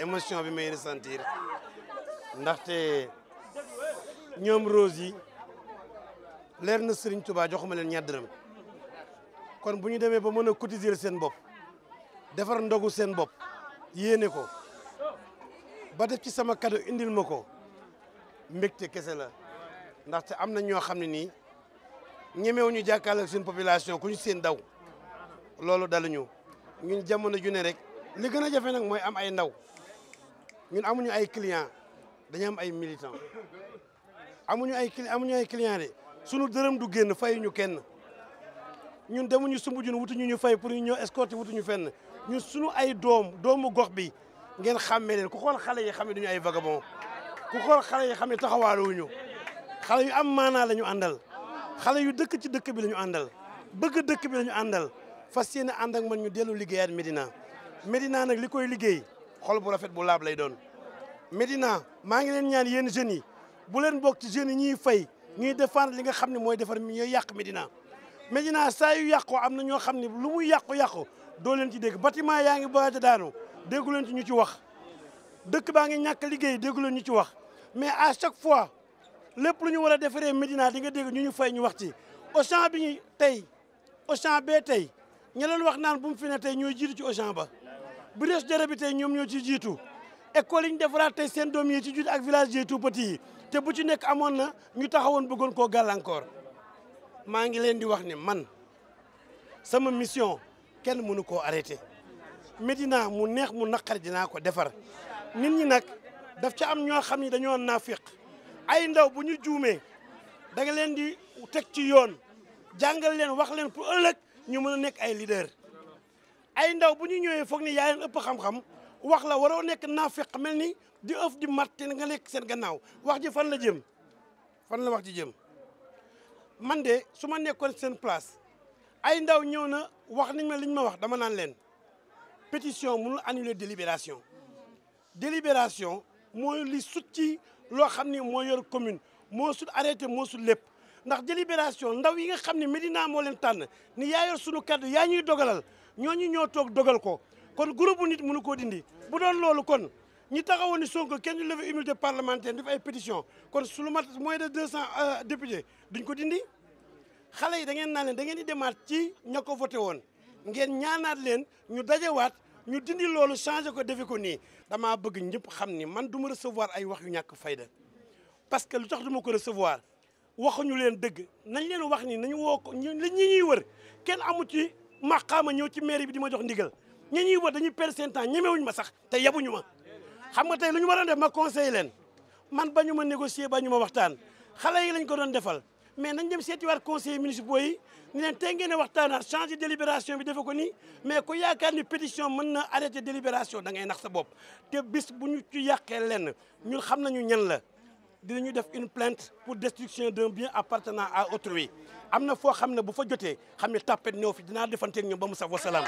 émotion bi may ressentir ndaxte ñoom rose yi leer na sëriñ Touba joxuma leen ñaar kon bu ñu demee ba mën a cotiser seen bopp defar ndogu seen bopp yéene ko ba def ci sama cadeau indil ma ko mbégte kese la ndaxte am na ñoo xam ne nii ñemewu ñu jàkkaarloo ak seen population ku ñu seen daw loolu daluñu ñun jamono ju ne rek li gën a jafe nag mooy am ay ndaw ñun amuñu ay client dañu am ay militant amuñu ay amuñu ay client de sunu dërëm du génn fayuñu kenn ñun demuñu sumb jun wutuñu ñu fay pour ñu ñëw escorter wutuñu fenn ñun sunu ay doom doomu gox bi ngeen xàmmee leen ku xool xale yi xam ne duñu ay vagabond ku xool xale yi xam ne taxawaaluwuñu xale yu am maanaa la ñu àndal xale yu dëkk ci dëkk bi la ñu àndal bëgg dëkk bi la ñu àndal fas yéene ànd ak man ñu dellu liggéeyaat Médina Médina nag li koy liggéey xol bu rafet bu laab lay doon Médina maa ngi leen ñaan yéen jeunes yi bu leen bokk ci jeunes yi ñuy fay ñuy défendre li nga xam ne mooy defar mi ñooy yàq Médina Médina saa yu yàqu am na ñoo xam ne lu muy yàqu-yàqu doo leen ci dégg bâtiment yaa ngi bëgg a daanu déggu leen ci ñu ci wax dëkk baa ngi ñàkk liggéey déggu leen ñu ci wax mais à chaque fois lépp lu ñu war a defaree Médina di nga dégg ñu ñu fay ñu wax ci Auchan bi ñu tey Auchan bee tey ña leen wax naan bu mu fi ne tey ñuy jiitu ci Auchan ba bu des jërë bi tey ñoom ñoo ciy jiitu école yi ñu defaraat tey seen doom yi ci judd ak village yi tout petit yi te bu ci nekk amoon na ñu taxawoon bëggoon koo gàllankoor maa ngi leen di wax ne man sama mission kenn mënu koo arrêté Médina mu neex mu naqar dinaa ko defar nit ñi nag daf ca am ñoo xam ni dañoo naafiq ay ndaw bu ñu juumee da leen di teg ci yoon jàngal leen wax leen pour ëllëg ñu mën a nekk ay leader ay ndaw bu ñu ñëwee foog ni yaa leen ëpp xam-xam wax la waroo nekk naafeq mel ni di ëf di mat te nga nekk seen gannaaw wax ji fan la jëm fan la wax ji jëm man de su ma nekkoon seen place ay ndaw ñëw na wax nañ ma liñ ma wax dama naan leen pétition mënul annuler délibération délibération mooy li sut ci loo xam ni moo yor commune moo sul arrêté moo sul lépp ndax délibération ndaw yi nga xam ne Médina moo leen tànn ni yaa yor sunu kàddu yaa ñuy dogalal ñoo ñooñu ñoo toog dogal ko kon groupe bu nit mënu koo dindi bu doon loolu kon ñi taxawoon ni Sonko kenn leve lever immunité parlementaire def ay pétition kon su lu mat moins de deux cent euh, députés duñ ko dindi xale yi da ngeen naa leen da ngeen di demaat ci ña ko voté woon ngeen ñaanaat leen ñu dajewaat ñu dindi loolu changé ko defe ko nii damaa bëgg ñëpp xam ni man duma ma recevoir ay wax yu ñàkk fayda parce que lu tax du ma ko recevoir ñu leen dëgg nañ leen wax ni nañu woo ko ñu li ñi ñuy wër kenn amu ci maqaama ñëw ci mairie bi di ma jox ndigal ñi ñuy wër dañuy perdre seen temps ñemewuñ ma sax te yebuñu ma xam nga tey lu ñu waroon def ma conseillé leen man bañu ma négocier ñu ma waxtaan xale yi lañ ko doon defal mais nañ dem seeti waat conseil municipal yi ñu leen tey ngeen a waxtaanaat changer délibération bi defe ko ni mais ko yaakaar ni pétition mën na arrêter délibération da ngay nax sa bopp te bis bu ñu ci yàqee lenn ñun xam nañu ñen la dinañu def une plainte pour destruction d'un bien appartenant à autrui am na foo xam ne bu fa jotee xam ni tàppet ñëw fi dinaa defanteeg ñoom ba mu saf wasalaam